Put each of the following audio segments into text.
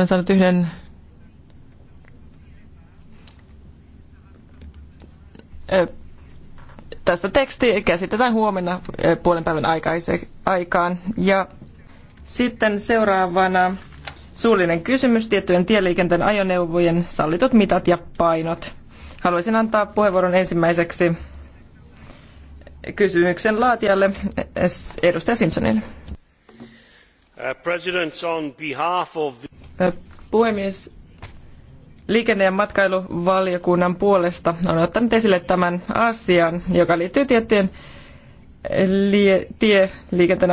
Olen saanut yhden tästä teksti käsitetään huomenna puolen päivän aikaan. Ja sitten seuraavana suullinen kysymys tiettyjen tieliikenteen ajoneuvojen sallitut mitat ja painot. Haluaisin antaa puheenvuoron ensimmäiseksi kysymyksen laatijalle edustaja Simpsonille. Uh, President, on behalf of the... Puhemies, liikenne- ja matkailuvaliokunnan puolesta on ottanut esille tämän asian, joka liittyy tiettyjen lie- tie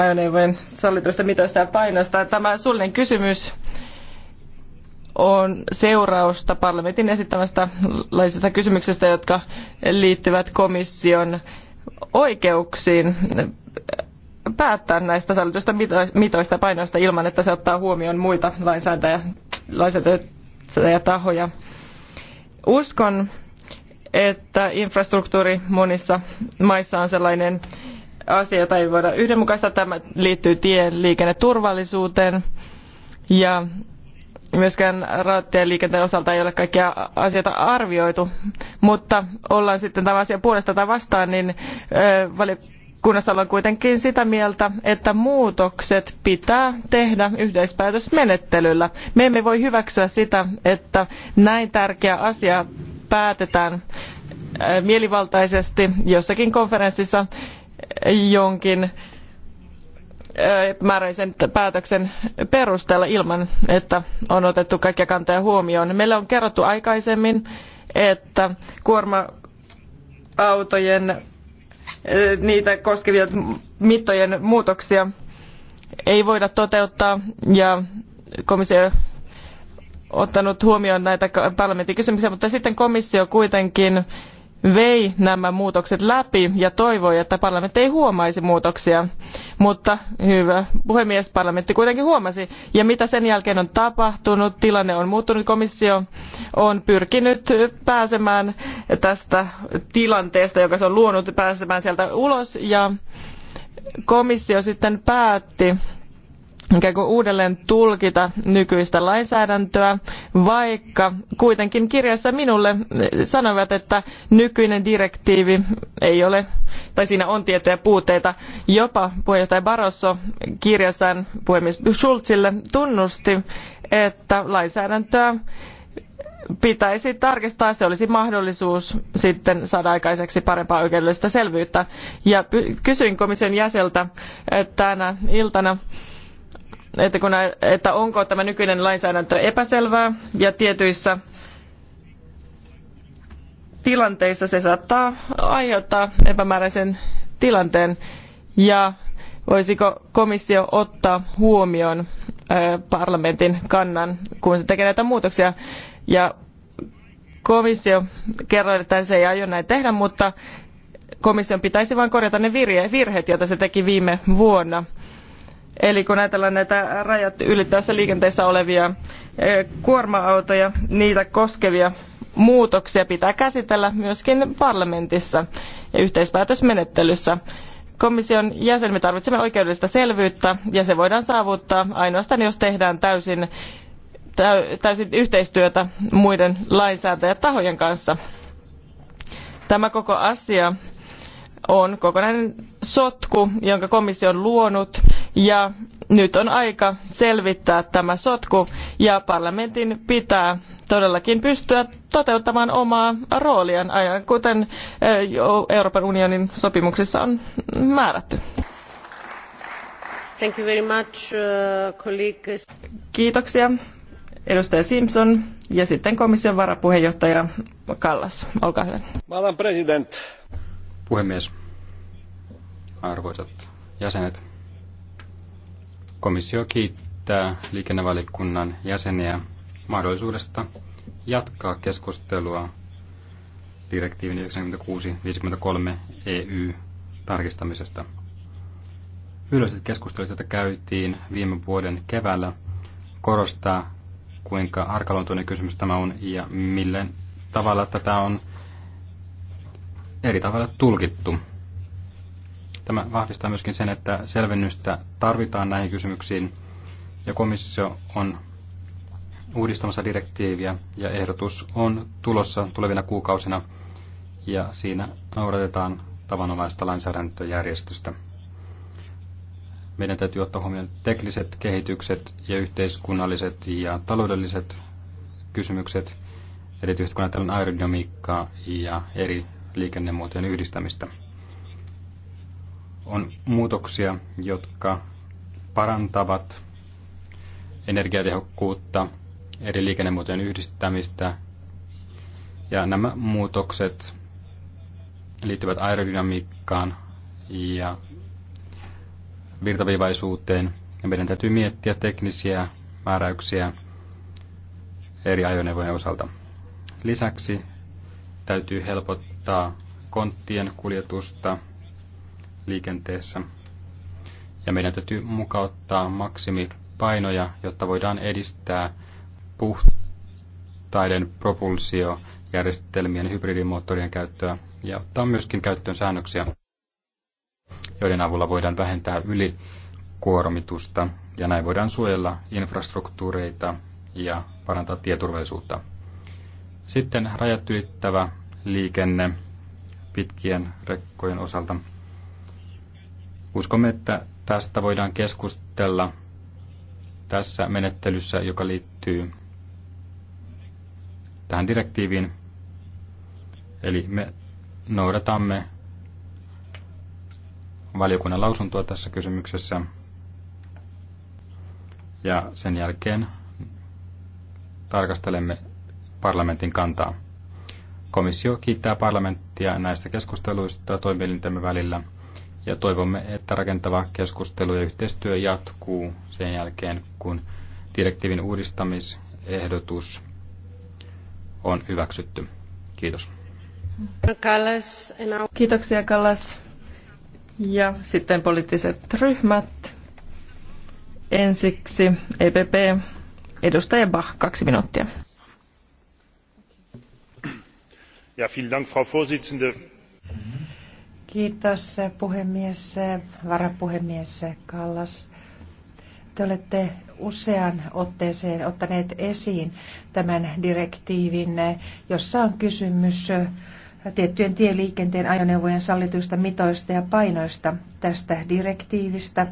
ajoneuvojen sallituista mitoista ja painoista. Tämä suullinen kysymys on seurausta parlamentin esittämästä laisista kysymyksistä, jotka liittyvät komission oikeuksiin päättää näistä sallituista mitoista ja painoista ilman, että se ottaa huomioon muita lainsäätäjä, tahoja. Uskon, että infrastruktuuri monissa maissa on sellainen asia, jota ei voida yhdenmukaista. Tämä liittyy liikenneturvallisuuteen ja myöskään rautatieliikenteen osalta ei ole kaikkia asioita arvioitu, mutta ollaan sitten tämä asia puolesta tai vastaan, niin valiokunta kunnes olen kuitenkin sitä mieltä, että muutokset pitää tehdä yhteispäätösmenettelyllä. Me emme voi hyväksyä sitä, että näin tärkeä asia päätetään äh, mielivaltaisesti jossakin konferenssissa jonkin äh, määräisen päätöksen perusteella ilman, että on otettu kaikkia kantoja huomioon. Meille on kerrottu aikaisemmin, että kuorma-autojen niitä koskevia mittojen muutoksia ei voida toteuttaa ja komissio ottanut huomioon näitä parlamentin kysymyksiä, mutta sitten komissio kuitenkin vei nämä muutokset läpi ja toivoi, että parlamentti ei huomaisi muutoksia. Mutta hyvä puhemies, parlamentti kuitenkin huomasi. Ja mitä sen jälkeen on tapahtunut, tilanne on muuttunut, komissio on pyrkinyt pääsemään tästä tilanteesta, joka se on luonut, pääsemään sieltä ulos ja komissio sitten päätti ikään kuin uudelleen tulkita nykyistä lainsäädäntöä, vaikka kuitenkin kirjassa minulle eh, sanoivat, että nykyinen direktiivi ei ole, tai siinä on tiettyjä puutteita. Jopa puheenjohtaja Barroso kirjassaan puhemies Schulzille tunnusti, että lainsäädäntöä pitäisi tarkistaa, se olisi mahdollisuus sitten saada aikaiseksi parempaa oikeudellista selvyyttä. Ja kysyin komission jäseltä eh, tänä iltana, että, kun, että onko tämä nykyinen lainsäädäntö epäselvää ja tietyissä tilanteissa se saattaa aiheuttaa epämääräisen tilanteen ja voisiko komissio ottaa huomioon parlamentin kannan, kun se tekee näitä muutoksia. Ja komissio kerroi, että se ei aio näin tehdä, mutta komission pitäisi vain korjata ne virheet, joita se teki viime vuonna. Eli kun ajatellaan näitä rajat ylittävässä liikenteessä olevia eh, kuorma-autoja, niitä koskevia muutoksia pitää käsitellä myöskin parlamentissa ja yhteispäätösmenettelyssä. Komission jäsen, me tarvitsemme oikeudellista selvyyttä ja se voidaan saavuttaa ainoastaan, jos tehdään täysin, täysin yhteistyötä muiden lainsäätäjätahojen kanssa. Tämä koko asia on kokonainen sotku, jonka komissio on luonut ja nyt on aika selvittää tämä sotku ja parlamentin pitää todellakin pystyä toteuttamaan omaa rooliaan, aivan kuten eh, Euroopan unionin sopimuksissa on määrätty. Thank you very much, uh, Kiitoksia edustaja Simpson ja sitten komission varapuheenjohtaja Kallas. Olkaa hyvä. Madam President, Puhemies, arvoisat jäsenet, komissio kiittää liikennevalikunnan jäseniä mahdollisuudesta jatkaa keskustelua direktiivin 96-53 EU tarkistamisesta. Yleiset keskustelut, joita käytiin viime vuoden keväällä, korostaa, kuinka arkaluontoinen kysymys tämä on ja millen tavalla tätä on eri tavalla tulkittu. Tämä vahvistaa myöskin sen, että selvennystä tarvitaan näihin kysymyksiin, ja komissio on uudistamassa direktiiviä, ja ehdotus on tulossa tulevina kuukausina, ja siinä noudatetaan tavanomaista lainsäädäntöjärjestystä. Meidän täytyy ottaa huomioon tekniset kehitykset ja yhteiskunnalliset ja taloudelliset kysymykset, erityisesti kun ajatellaan aerodynamiikkaa ja eri liikennemuotojen yhdistämistä. On muutoksia, jotka parantavat energiatehokkuutta, eri liikennemuotojen yhdistämistä ja nämä muutokset liittyvät aerodynamiikkaan ja virtaviivaisuuteen. Ja meidän täytyy miettiä teknisiä määräyksiä eri ajoneuvojen osalta. Lisäksi täytyy helpottaa helpottaa konttien kuljetusta liikenteessä. Ja meidän täytyy mukauttaa maksimipainoja, jotta voidaan edistää puhtaiden propulsiojärjestelmien hybridimoottorien käyttöä ja ottaa myöskin käyttöön säännöksiä, joiden avulla voidaan vähentää ylikuormitusta ja näin voidaan suojella infrastruktuureita ja parantaa tieturvallisuutta. Sitten rajat ylittävä liikenne pitkien rekkojen osalta. Uskomme, että tästä voidaan keskustella tässä menettelyssä, joka liittyy tähän direktiiviin. Eli me noudatamme valiokunnan lausuntoa tässä kysymyksessä. Ja sen jälkeen tarkastelemme parlamentin kantaa. Komissio kiittää parlamenttia näistä keskusteluista toimielintämme välillä ja toivomme, että rakentava keskustelu ja yhteistyö jatkuu sen jälkeen, kun direktiivin uudistamisehdotus on hyväksytty. Kiitos. Kiitoksia Kallas. Ja sitten poliittiset ryhmät. Ensiksi EPP, edustaja Bach, kaksi minuuttia. Ja, Frau Kiitos puhemies, varapuhemies Kallas. Te olette usean otteeseen ottaneet esiin tämän direktiivin, jossa on kysymys tiettyjen tieliikenteen ajoneuvojen sallituista mitoista ja painoista tästä direktiivistä.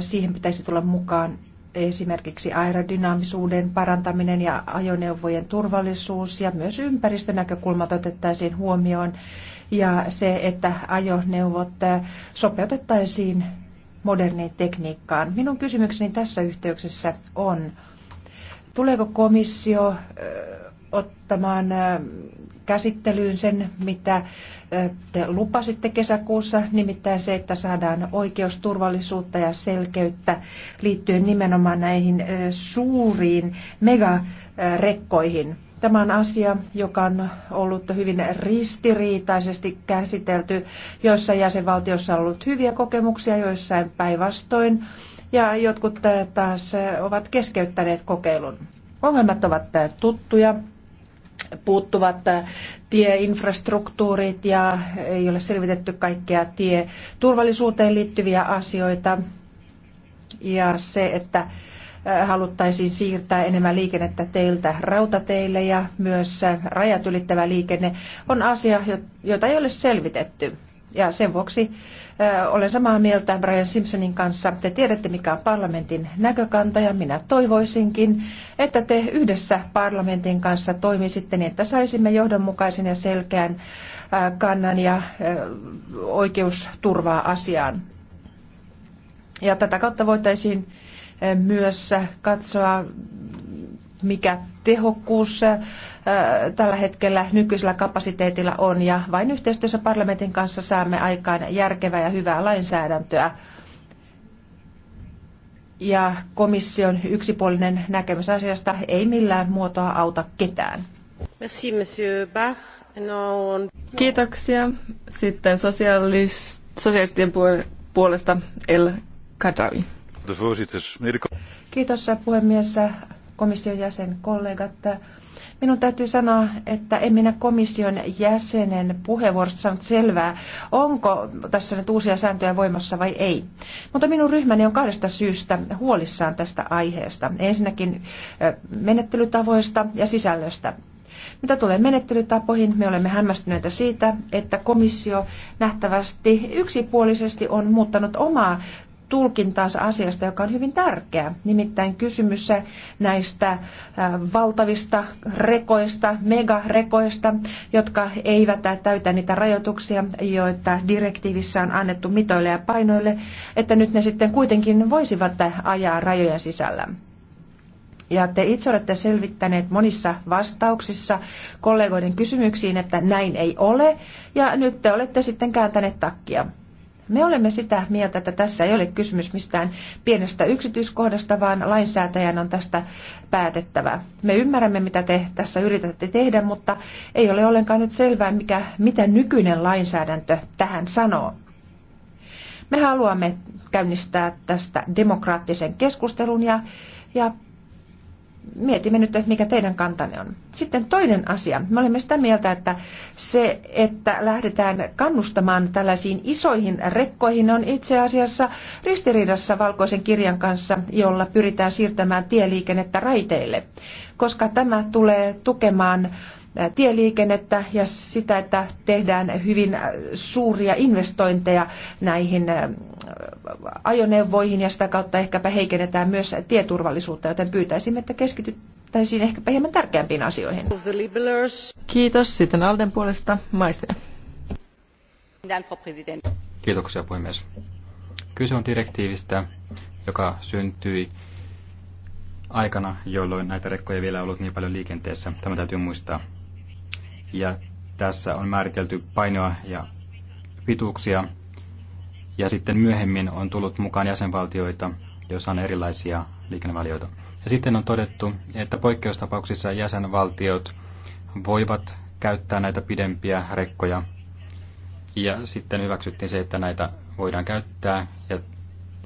Siihen pitäisi tulla mukaan esimerkiksi aerodynaamisuuden parantaminen ja ajoneuvojen turvallisuus ja myös ympäristönäkökulmat otettaisiin huomioon ja se, että ajoneuvot äh, sopeutettaisiin moderniin tekniikkaan. Minun kysymykseni tässä yhteyksessä on, tuleeko komissio äh, ottamaan käsittelyyn sen, mitä te lupasitte kesäkuussa, nimittäin se, että saadaan oikeusturvallisuutta ja selkeyttä liittyen nimenomaan näihin suuriin megarekkoihin. Tämä on asia, joka on ollut hyvin ristiriitaisesti käsitelty, joissa jäsenvaltiossa on ollut hyviä kokemuksia, joissain päinvastoin, ja jotkut taas ovat keskeyttäneet kokeilun. Ongelmat ovat tuttuja, puuttuvat äh, tieinfrastruktuurit ja ei ole selvitetty kaikkea tieturvallisuuteen liittyviä asioita. Ja se, että äh, haluttaisiin siirtää enemmän liikennettä teiltä rautateille ja myös äh, rajat ylittävä liikenne on asia, jota ei ole selvitetty. Ja sen vuoksi olen samaa mieltä Brian Simpsonin kanssa. Te tiedätte, mikä on parlamentin näkökanta ja minä toivoisinkin, että te yhdessä parlamentin kanssa toimisitte niin, että saisimme johdonmukaisen ja selkeän kannan ja oikeusturvaa asiaan. Ja tätä kautta voitaisiin myös katsoa mikä tehokkuus äh, tällä hetkellä nykyisellä kapasiteetilla on ja vain yhteistyössä parlamentin kanssa saamme aikaan järkevää ja hyvää lainsäädäntöä. Ja komission yksipuolinen näkemys asiasta ei millään muotoa auta ketään. Merci, Bach. No on... Kiitoksia. Sitten sosiaalist, puolesta El Kadrawi. Kiitos puhemies komission jäsen, kollegat. Minun täytyy sanoa, että en minä komission jäsenen puheenvuorosta saanut selvää, onko tässä nyt uusia sääntöjä voimassa vai ei. Mutta minun ryhmäni on kahdesta syystä huolissaan tästä aiheesta. Ensinnäkin menettelytavoista ja sisällöstä. Mitä tulee menettelytapoihin, me olemme hämmästyneitä siitä, että komissio nähtävästi yksipuolisesti on muuttanut omaa tulkintaansa asiasta, joka on hyvin tärkeä. Nimittäin kysymys näistä äh, valtavista rekoista, megarekoista, jotka eivät täytä niitä rajoituksia, joita direktiivissä on annettu mitoille ja painoille, että nyt ne sitten kuitenkin voisivat ajaa rajojen sisällä. Ja te itse olette selvittäneet monissa vastauksissa kollegoiden kysymyksiin, että näin ei ole. Ja nyt te olette sitten kääntäneet takkia. Me olemme sitä mieltä, että tässä ei ole kysymys mistään pienestä yksityiskohdasta, vaan lainsäätäjän on tästä päätettävä. Me ymmärrämme, mitä te tässä yritätte tehdä, mutta ei ole ollenkaan nyt selvää, mikä, mitä nykyinen lainsäädäntö tähän sanoo. Me haluamme käynnistää tästä demokraattisen keskustelun ja, ja mietimme nyt, mikä teidän kantanne on. Sitten toinen asia. Me olemme sitä mieltä, että se, että lähdetään kannustamaan tällaisiin isoihin rekkoihin, on itse asiassa ristiriidassa valkoisen kirjan kanssa, jolla pyritään siirtämään tieliikennettä raiteille, koska tämä tulee tukemaan tieliikennettä ja sitä, että tehdään hyvin suuria investointeja näihin ajoneuvoihin ja sitä kautta ehkäpä heikennetään myös tieturvallisuutta, joten pyytäisimme, että keskityttäisiin ehkäpä hieman tärkeämpiin asioihin. Kiitos. Sitten Alden puolesta Maistre. Kiitoksia puhemies. Kyse on direktiivistä, joka syntyi aikana, jolloin näitä rekkoja ei vielä ollut niin paljon liikenteessä. Tämä täytyy muistaa ja tässä on määritelty painoa ja pituuksia. Ja sitten myöhemmin on tullut mukaan jäsenvaltioita, joissa on erilaisia liikennevalioita. Ja sitten on todettu, että poikkeustapauksissa jäsenvaltiot voivat käyttää näitä pidempiä rekkoja. Ja sitten hyväksyttiin se, että näitä voidaan käyttää ja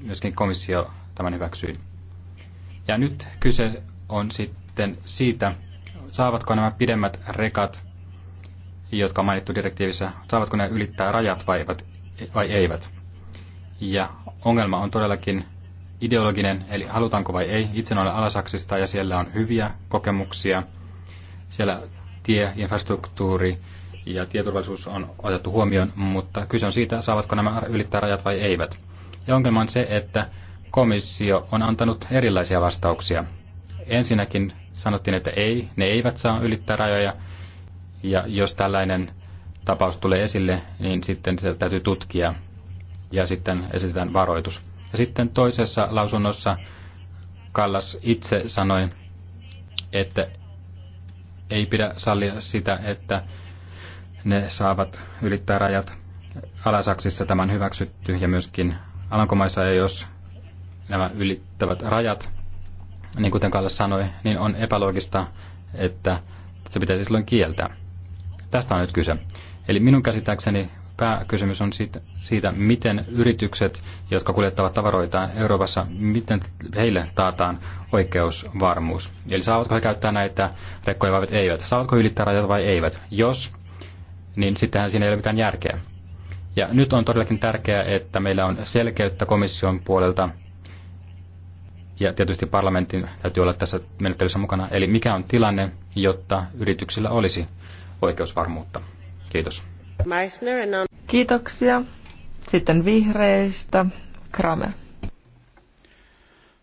myöskin komissio tämän hyväksyi. Ja nyt kyse on sitten siitä, saavatko nämä pidemmät rekat jotka on mainittu direktiivissä, saavatko ne ylittää rajat vai eivät? Vai eivät? Ja ongelma on todellakin ideologinen, eli halutaanko vai ei. Itse olen Alasaksista ja siellä on hyviä kokemuksia. Siellä tie, infrastruktuuri ja tieturvallisuus on otettu huomioon, mutta kyse on siitä, saavatko nämä ylittää rajat vai eivät. Ja ongelma on se, että komissio on antanut erilaisia vastauksia. Ensinnäkin sanottiin, että ei, ne eivät saa ylittää rajoja, ja jos tällainen tapaus tulee esille, niin sitten se täytyy tutkia ja sitten esitetään varoitus. Ja sitten toisessa lausunnossa Kallas itse sanoi, että ei pidä sallia sitä, että ne saavat ylittää rajat. Alasaksissa tämän hyväksytty ja myöskin Alankomaissa, ja jos nämä ylittävät rajat, niin kuten Kallas sanoi, niin on epäloogista, että se pitäisi silloin kieltää. Tästä on nyt kyse. Eli minun käsittääkseni pääkysymys on siitä, siitä, miten yritykset, jotka kuljettavat tavaroita Euroopassa, miten heille taataan oikeusvarmuus. Eli saavatko he käyttää näitä rekkoja vai eivät? Saavatko ylittää rajoja vai eivät? Jos, niin sittenhän siinä ei ole mitään järkeä. Ja nyt on todellakin tärkeää, että meillä on selkeyttä komission puolelta ja tietysti parlamentin täytyy olla tässä menettelyssä mukana. Eli mikä on tilanne, jotta yrityksillä olisi oikeusvarmuutta. Kiitos. Kiitoksia. Sitten vihreistä. Kramer.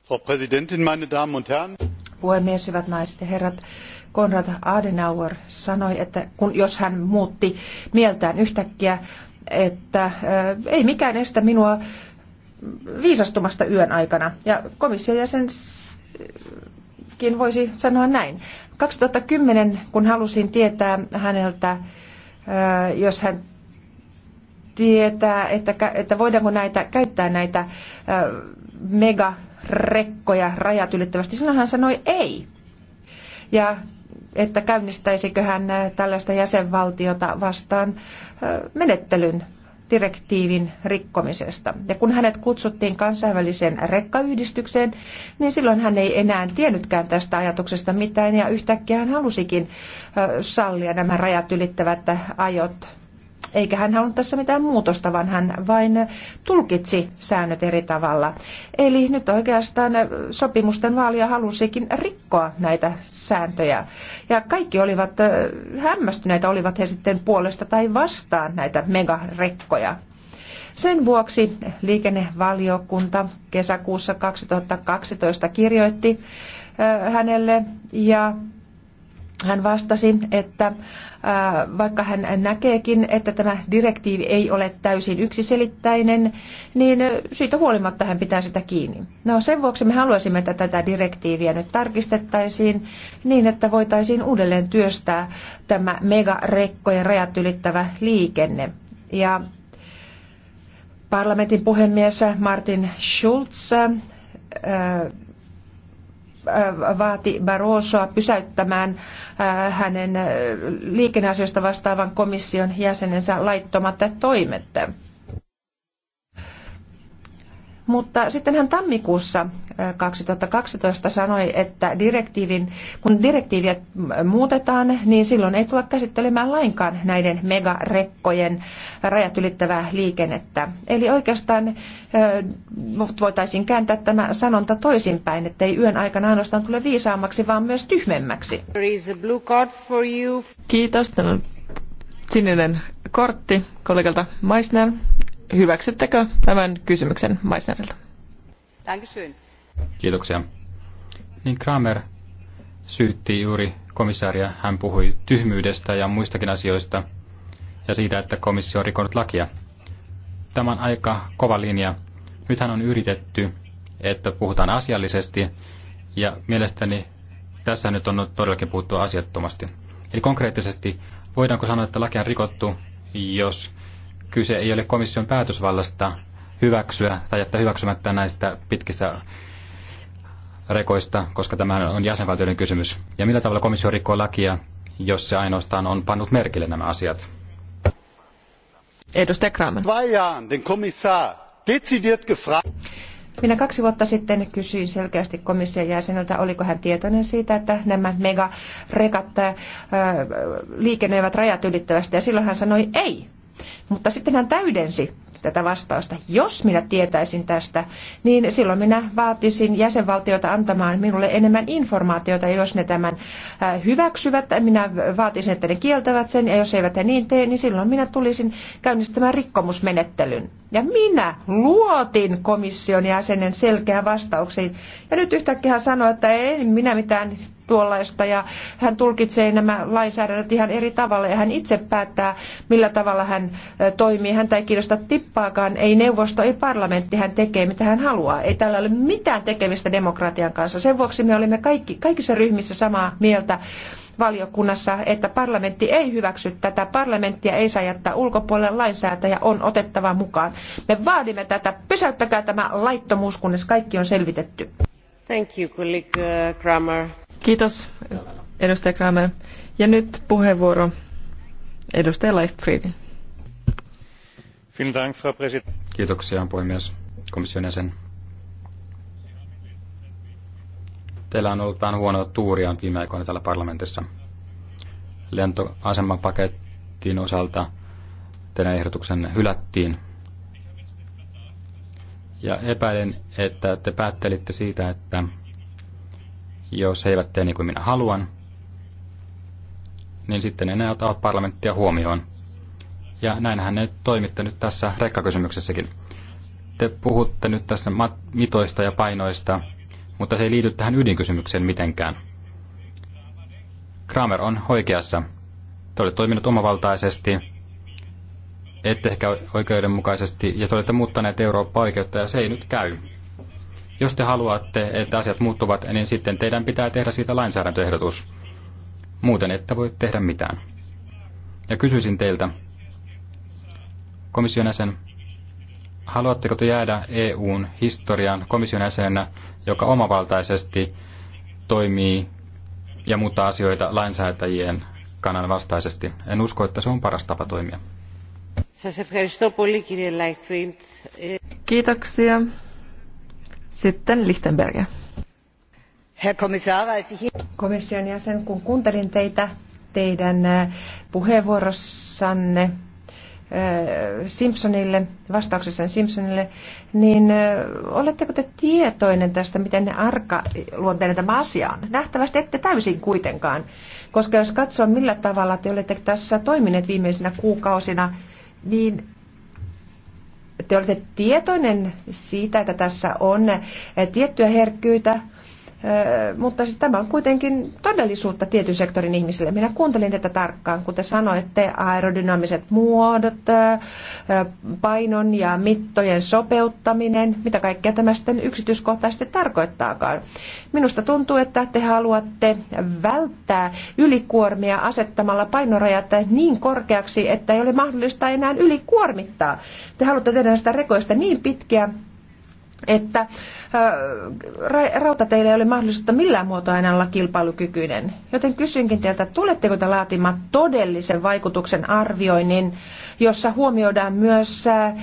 Frau Präsidentin, meine Damen und Herren. Puhemies, hyvät naiset ja herrat. Konrad Adenauer sanoi, että kun, jos hän muutti mieltään yhtäkkiä, että äh, ei mikään estä minua viisastumasta yön aikana. Ja komission jäsen ainakin voisi sanoa näin. 2010, kun halusin tietää häneltä, jos hän tietää, että, että voidaanko näitä, käyttää näitä megarekkoja rajat ylittävästi, silloin hän sanoi ei. Ja että käynnistäisikö hän tällaista jäsenvaltiota vastaan menettelyn direktiivin rikkomisesta. Ja kun hänet kutsuttiin kansainväliseen rekkayhdistykseen, niin silloin hän ei enää tiennytkään tästä ajatuksesta mitään ja yhtäkkiä hän halusikin sallia nämä rajat ylittävät ajot eikä hän halunnut tässä mitään muutosta, vaan hän vain tulkitsi säännöt eri tavalla. Eli nyt oikeastaan sopimusten vaalia halusikin rikkoa näitä sääntöjä. Ja kaikki olivat hämmästyneitä, olivat he sitten puolesta tai vastaan näitä megarekkoja. Sen vuoksi liikennevaliokunta kesäkuussa 2012 kirjoitti hänelle ja hän vastasi, että vaikka hän näkeekin, että tämä direktiivi ei ole täysin yksiselittäinen, niin siitä huolimatta hän pitää sitä kiinni. No sen vuoksi me haluaisimme, että tätä direktiiviä nyt tarkistettaisiin niin, että voitaisiin uudelleen työstää tämä megarekkojen rajat ylittävä liikenne. Ja parlamentin puhemies Martin Schulz vaati Barrosoa pysäyttämään hänen liikenneasioista vastaavan komission jäsenensä laittomat toimet. Mutta sitten hän tammikuussa 2012 sanoi, että direktiivin, kun direktiiviä muutetaan, niin silloin ei tule käsittelemään lainkaan näiden megarekkojen rajat ylittävää liikennettä. Eli oikeastaan voitaisiin kääntää tämä sanonta toisinpäin, että ei yön aikana ainoastaan tule viisaammaksi, vaan myös tyhmemmäksi. Kiitos. Tämä sininen kortti kollegalta Meissner. Hyväksyttekö tämän kysymyksen Maisnerilta? Kiitoksia. Niin Kramer syytti juuri komissaaria. Hän puhui tyhmyydestä ja muistakin asioista ja siitä, että komissio on rikonut lakia. Tämä on aika kova linja. Nythän on yritetty, että puhutaan asiallisesti ja mielestäni tässä nyt on todellakin puhuttu asiattomasti. Eli konkreettisesti, voidaanko sanoa, että laki on rikottu, jos kyse ei ole komission päätösvallasta hyväksyä tai jättää hyväksymättä näistä pitkistä rekoista, koska tämä on jäsenvaltioiden kysymys. Ja millä tavalla komissio rikkoo lakia, jos se ainoastaan on pannut merkille nämä asiat? Edustaja Kramer. Minä kaksi vuotta sitten kysyin selkeästi komission jäseneltä, oliko hän tietoinen siitä, että nämä megarekat liikennöivät rajat ylittävästi, ja silloin hän sanoi ei. Mutta sitten hän täydensi tätä vastausta. Jos minä tietäisin tästä, niin silloin minä vaatisin jäsenvaltioita antamaan minulle enemmän informaatiota. Ja jos ne tämän äh, hyväksyvät, minä vaatisin, että ne kieltävät sen. Ja jos eivät he niin tee, niin silloin minä tulisin käynnistämään rikkomusmenettelyn. Ja minä luotin komission jäsenen selkeään vastauksiin. Ja nyt yhtäkkiä hän sanoi, että ei minä mitään tuollaista ja hän tulkitsee nämä lainsäädännöt ihan eri tavalla ja hän itse päättää, millä tavalla hän toimii. Häntä ei kiinnosta tippaakaan, ei neuvosto, ei parlamentti, hän tekee mitä hän haluaa. Ei tällä ole mitään tekemistä demokratian kanssa. Sen vuoksi me olimme kaikki, kaikissa ryhmissä samaa mieltä valiokunnassa, että parlamentti ei hyväksy tätä, parlamenttia ei saa jättää ulkopuolelle, lainsäätäjä on otettava mukaan. Me vaadimme tätä, pysäyttäkää tämä laittomuus, kunnes kaikki on selvitetty. Thank you, colleague uh, Kramer. Kiitos, edustaja Kramer. Ja nyt puheenvuoro edustaja Leichtfriedin. Kiitoksia, puhemies, komission jäsen. Teillä on ollut vähän huonoa tuuria viime aikoina täällä parlamentissa. Lentoasemapakettiin osalta teidän ehdotuksenne hylättiin. Ja epäilen, että te päättelitte siitä, että jos he eivät tee niin kuin minä haluan, niin sitten enää ottavat parlamenttia huomioon. Ja näinhän ne toimitte nyt tässä rekkakysymyksessäkin. Te puhutte nyt tässä mitoista ja painoista, mutta se ei liity tähän ydinkysymykseen mitenkään. Kramer on oikeassa. Te olette toiminut omavaltaisesti, ette ehkä oikeudenmukaisesti, ja te olette muuttaneet eurooppa oikeutta, ja se ei nyt käy. Jos te haluatte, että asiat muuttuvat, niin sitten teidän pitää tehdä siitä lainsäädäntöehdotus. Muuten ette voi tehdä mitään. Ja kysyisin teiltä, komission jäsen, haluatteko te jäädä EUn historian komission jäsenenä, joka omavaltaisesti toimii ja muuttaa asioita lainsäätäjien kannan vastaisesti? En usko, että se on paras tapa toimia. Kiitoksia. Sitten Lichtenberger. Herr Kommissar, Komission jäsen, kun kuuntelin teitä teidän äh, puheenvuorossanne äh, Simpsonille, vastauksessa Simpsonille, niin äh, oletteko te tietoinen tästä, miten ne arka luonteinen tämä asia on? Nähtävästi ette täysin kuitenkaan, koska jos katsoo millä tavalla te olette tässä toimineet viimeisinä kuukausina, niin te olette tietoinen siitä, että tässä on eh, tiettyä herkkyyttä mutta siis tämä on kuitenkin todellisuutta tietyn sektorin ihmisille. Minä kuuntelin tätä tarkkaan, kun te sanoitte aerodynaamiset muodot, painon ja mittojen sopeuttaminen, mitä kaikkea tämä sitten yksityiskohtaisesti tarkoittaakaan. Minusta tuntuu, että te haluatte välttää ylikuormia asettamalla painorajat niin korkeaksi, että ei ole mahdollista enää ylikuormittaa. Te haluatte tehdä näistä rekoista niin pitkiä, että äh, rautateillä ei ole mahdollisuutta millään muotoa aina olla kilpailukykyinen. Joten kysynkin teiltä, tuletteko te laatimaan todellisen vaikutuksen arvioinnin, jossa huomioidaan myös äh,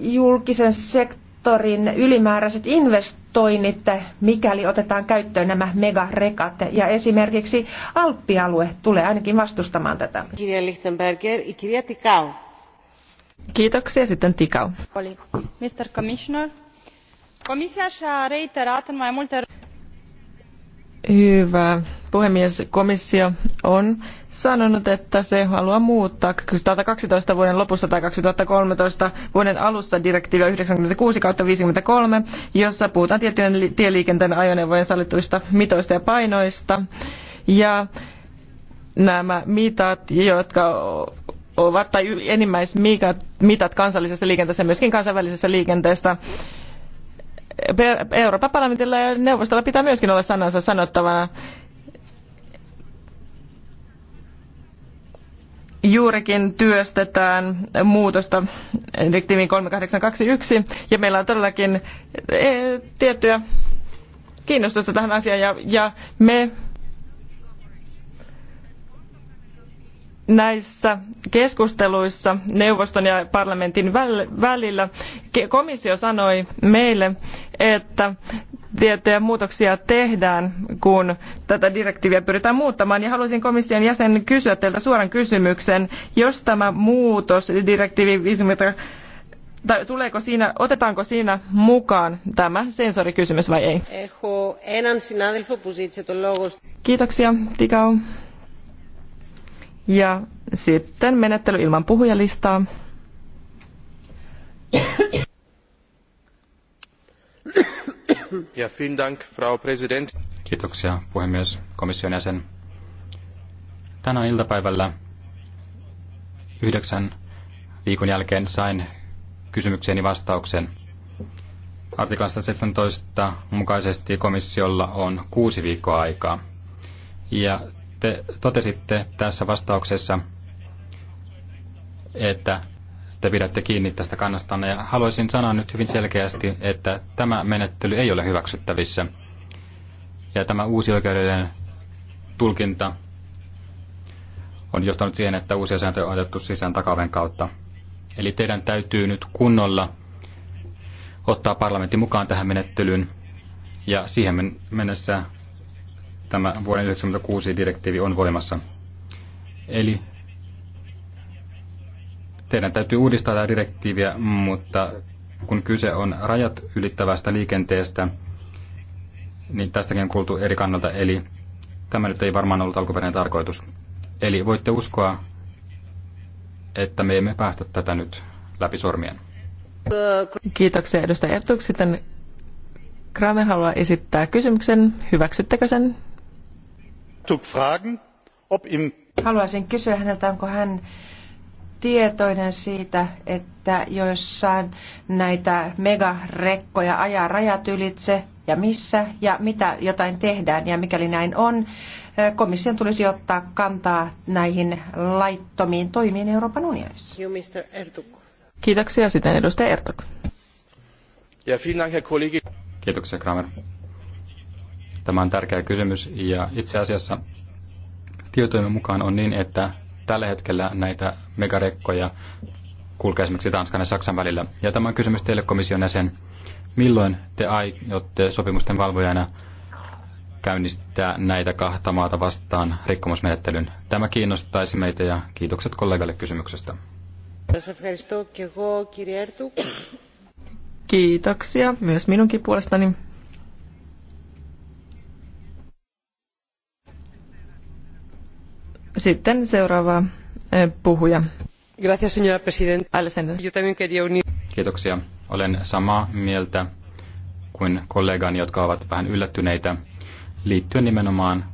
julkisen sektorin ylimääräiset investoinnit, mikäli otetaan käyttöön nämä megarekat. Ja esimerkiksi Alppialue tulee ainakin vastustamaan tätä. Kirja Lichtenberger, kirja Kiitoksia. Sitten Tikau. Mr. Commissioner, reiterat mai multe Hyvä puhemies. Komissio on sanonut, että se haluaa muuttaa 2012 vuoden lopussa tai 2013 vuoden alussa direktiiviä 96-53, jossa puhutaan tiettyjen tieliikenteen ajoneuvojen sallituista mitoista ja painoista. Ja nämä mitat, jotka ovat, tai enimmäismitat kansallisessa liikenteessä ja myöskin kansainvälisessä liikenteessä. Euroopan parlamentilla ja neuvostolla pitää myöskin olla sanansa sanottavana. Juurikin työstetään muutosta direktiiviin 3821 ja meillä on todellakin e, tiettyä kiinnostusta tähän asiaan ja, ja me näissä keskusteluissa neuvoston ja parlamentin välillä komissio sanoi meille, että tiettyjä muutoksia tehdään, kun tätä direktiiviä pyritään muuttamaan. Ja haluaisin komission jäsen kysyä teiltä suoran kysymyksen, jos tämä muutos direktiivi 50 tai tuleeko siinä, otetaanko siinä mukaan tämä sensorikysymys vai ei? Kiitoksia, Tikao. Ja sitten menettely ilman puhujalistaa. Ja vielen Dank, Frau President. Kiitoksia, puhemies, komission jäsen. Tänään iltapäivällä yhdeksän viikon jälkeen sain kysymykseeni vastauksen. Artiklasta 17 mukaisesti komissiolla on kuusi viikkoa aikaa. Ja te totesitte tässä vastauksessa, että te pidätte kiinni tästä kannastanne. Ja haluaisin sanoa nyt hyvin selkeästi, että tämä menettely ei ole hyväksyttävissä. Ja tämä uusi oikeudellinen tulkinta on johtanut siihen, että uusia sääntöjä on otettu sisään takaven kautta. Eli teidän täytyy nyt kunnolla ottaa parlamentti mukaan tähän menettelyyn. Ja siihen mennessä tämä vuoden 1996 direktiivi on voimassa. Eli teidän täytyy uudistaa tätä direktiiviä, mutta kun kyse on rajat ylittävästä liikenteestä, niin tästäkin on kuultu eri kannalta, eli tämä nyt ei varmaan ollut alkuperäinen tarkoitus. Eli voitte uskoa, että me emme päästä tätä nyt läpi sormien. Kiitoksia edustaja Ertuk. Sitten Kramer haluaa esittää kysymyksen. Hyväksyttekö sen? Haluaisin kysyä häneltä, onko hän tietoinen siitä, että joissain näitä megarekkoja ajaa rajat ylitse ja missä ja mitä jotain tehdään. Ja mikäli näin on, eh, komission tulisi ottaa kantaa näihin laittomiin toimiin Euroopan unionissa. Kiitoksia sitten edustaja Ertok. Kiitoksia Kramer. Tämä on tärkeä kysymys ja itse asiassa tietojemme mukaan on niin, että tällä hetkellä näitä megarekkoja kulkee esimerkiksi Tanskan ja Saksan välillä. Ja tämä on kysymys teille komission jäsen. Milloin te aiotte sopimusten valvojana käynnistää näitä kahta maata vastaan rikkomusmenettelyn? Tämä kiinnostaisi meitä ja kiitokset kollegalle kysymyksestä. Kiitoksia myös minunkin puolestani. Sitten seuraava puhuja. Gracias, señora presidenta. Yo también quería unir... Kiitoksia. Olen samaa mieltä kuin kollegani, jotka ovat vähän yllättyneitä liittyen nimenomaan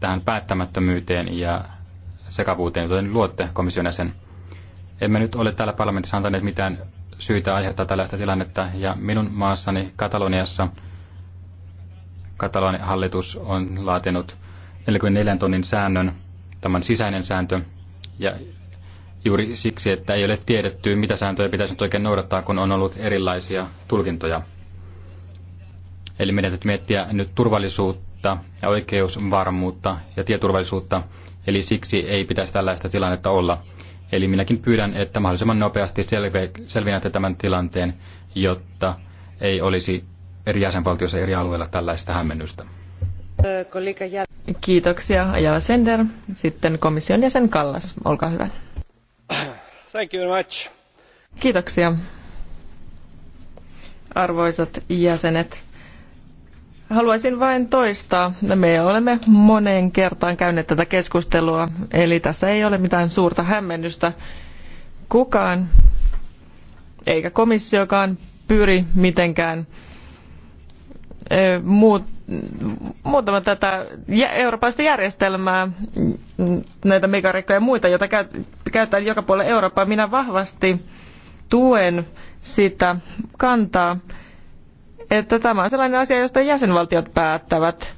tähän päättämättömyyteen ja sekavuuteen, joten luotte komission jäsen. Emme nyt ole täällä parlamentissa antaneet mitään syitä aiheuttaa tällaista tilannetta, ja minun maassani Kataloniassa Katalonin hallitus on laatinut 44 tonnin säännön, tämän sisäinen sääntö, ja juuri siksi, että ei ole tiedetty, mitä sääntöjä pitäisi nyt oikein noudattaa, kun on ollut erilaisia tulkintoja. Eli meidän täytyy miettiä nyt turvallisuutta ja oikeusvarmuutta ja tieturvallisuutta, eli siksi ei pitäisi tällaista tilannetta olla. Eli minäkin pyydän, että mahdollisimman nopeasti selvinnätte tämän tilanteen, jotta ei olisi eri jäsenvaltioissa eri alueilla tällaista hämmennystä. Kiitoksia Ajala Sender. Sitten komission jäsen Kallas, olkaa hyvä. Thank you very much. Kiitoksia. Arvoisat jäsenet, haluaisin vain toistaa, että me olemme moneen kertaan käyneet tätä keskustelua, eli tässä ei ole mitään suurta hämmennystä. Kukaan, eikä komissiokaan, pyri mitenkään muut muutama tätä eurooppalaista järjestelmää, näitä megarekkoja ja muita, joita käytetään joka puolella Eurooppaa. Minä vahvasti tuen sitä kantaa, että tämä on sellainen asia, josta jäsenvaltiot päättävät.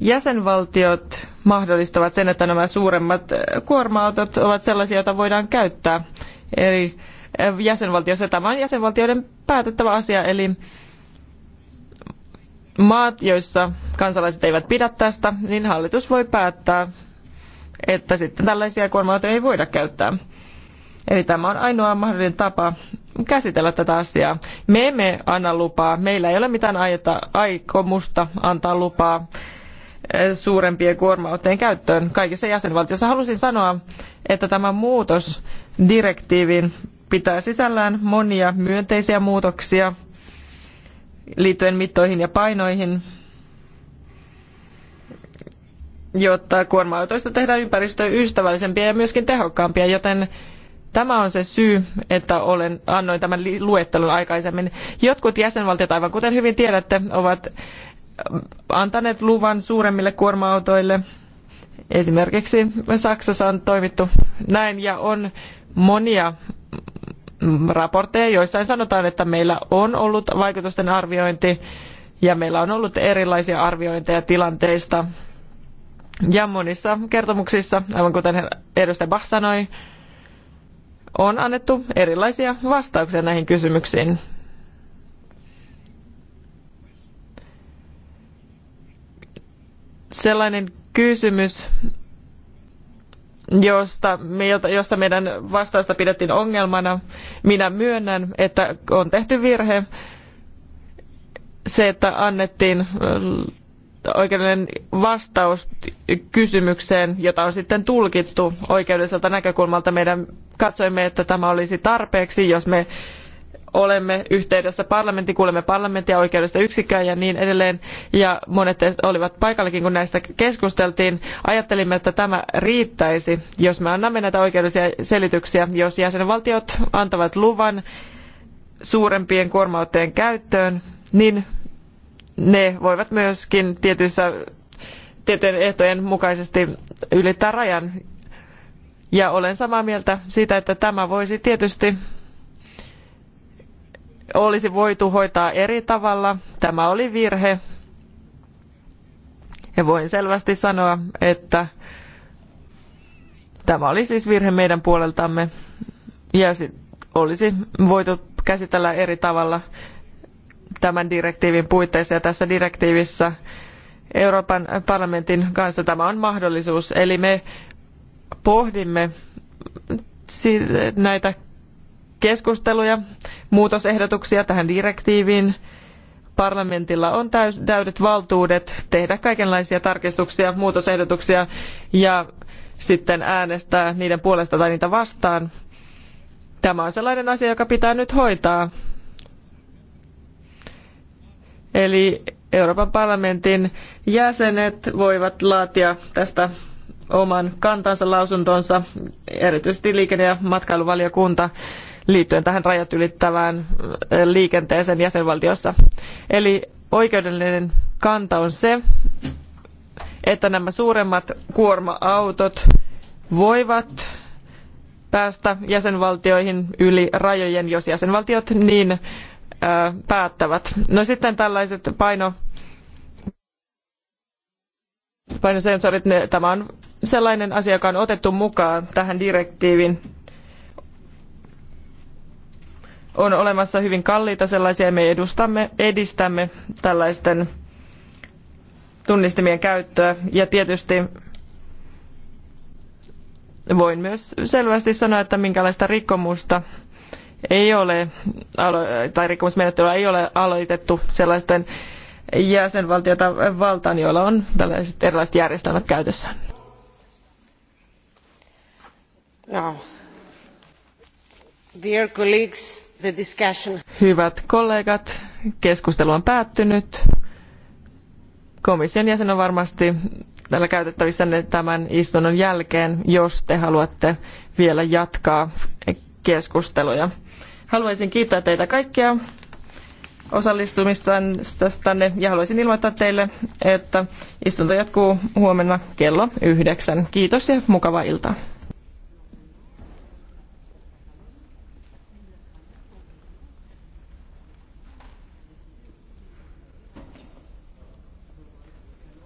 Jäsenvaltiot mahdollistavat sen, että nämä suuremmat kuorma-autot ovat sellaisia, joita voidaan käyttää eri jäsenvaltioissa. Tämä on jäsenvaltioiden päätettävä asia, eli maat, joissa kansalaiset eivät pidä tästä, niin hallitus voi päättää, että sitten tällaisia kuorma ei voida käyttää. Eli tämä on ainoa mahdollinen tapa käsitellä tätä asiaa. Me emme anna lupaa, meillä ei ole mitään aiota, aikomusta antaa lupaa eh, suurempien kuorma-autojen käyttöön kaikissa jäsenvaltioissa. Halusin sanoa, että tämä muutos direktiiviin pitää sisällään monia myönteisiä muutoksia – liittyen mittoihin ja painoihin, jotta kuorma-autoista tehdään ympäristöystävällisempiä ja myöskin tehokkaampia, joten Tämä on se syy, että olen, annoin tämän luettelun aikaisemmin. Jotkut jäsenvaltiot, aivan kuten hyvin tiedätte, ovat antaneet luvan suuremmille kuorma-autoille. Esimerkiksi Saksassa on toimittu näin ja on monia raportteja, joissa sanotaan, että meillä on ollut vaikutusten arviointi ja meillä on ollut erilaisia arviointeja tilanteista. Ja monissa kertomuksissa, aivan kuten edustaja Bach sanoi, on annettu erilaisia vastauksia näihin kysymyksiin. Sellainen kysymys, josta, jossa meidän vastausta pidettiin ongelmana. Minä myönnän, että on tehty virhe. Se, että annettiin oikeudellinen vastaus kysymykseen, jota on sitten tulkittu oikeudelliselta näkökulmalta. Meidän katsoimme, että tämä olisi tarpeeksi, jos me olemme yhteydessä parlamenttiin, kuulemme parlamenttia oikeudesta yksikköön ja niin edelleen. Ja monet teistä olivat paikallakin, kun näistä keskusteltiin. Ajattelimme, että tämä riittäisi, jos me annamme näitä oikeudellisia selityksiä, jos jäsenvaltiot antavat luvan suurempien kuorma käyttöön, niin ne voivat myöskin tietyissä tiettyjen ehtojen mukaisesti ylittää rajan. Ja olen samaa mieltä siitä, että tämä voisi tietysti olisi voitu hoitaa eri tavalla. Tämä oli virhe. Ja voin selvästi sanoa, että tämä oli siis virhe meidän puoleltamme. Ja sit olisi voitu käsitellä eri tavalla tämän direktiivin puitteissa ja tässä direktiivissä Euroopan parlamentin kanssa tämä on mahdollisuus. Eli me pohdimme näitä keskusteluja, muutosehdotuksia tähän direktiiviin. Parlamentilla on täys, täydet valtuudet tehdä kaikenlaisia tarkistuksia, muutosehdotuksia ja sitten äänestää niiden puolesta tai niitä vastaan. Tämä on sellainen asia, joka pitää nyt hoitaa. Eli Euroopan parlamentin jäsenet voivat laatia tästä oman kantansa lausuntonsa, erityisesti liikenne- ja matkailuvaliokunta liittyen tähän rajat ylittävään liikenteeseen jäsenvaltiossa. Eli oikeudellinen kanta on se, että nämä suuremmat kuorma-autot voivat päästä jäsenvaltioihin yli rajojen, jos jäsenvaltiot niin päättävät. No sitten tällaiset paino, painosensorit, ne, tämä on sellainen asia, joka on otettu mukaan tähän direktiivin on olemassa hyvin kalliita sellaisia ja me edustamme, edistämme tällaisten tunnistimien käyttöä. Ja tietysti voin myös selvästi sanoa, että minkälaista rikkomusta ei ole, tai rikkomusmenettelyä ei ole aloitettu sellaisten jäsenvaltiota valtaan, joilla on tällaiset erilaiset järjestelmät käytössään. No. Dear colleagues, The discussion. Hyvät kollegat, keskustelu on päättynyt. Komission jäsen on varmasti täällä käytettävissänne tämän istunnon jälkeen, jos te haluatte vielä jatkaa keskusteluja. Haluaisin kiittää teitä kaikkia osallistumistanne ja haluaisin ilmoittaa teille, että istunto jatkuu huomenna kello yhdeksän. Kiitos ja mukavaa iltaa.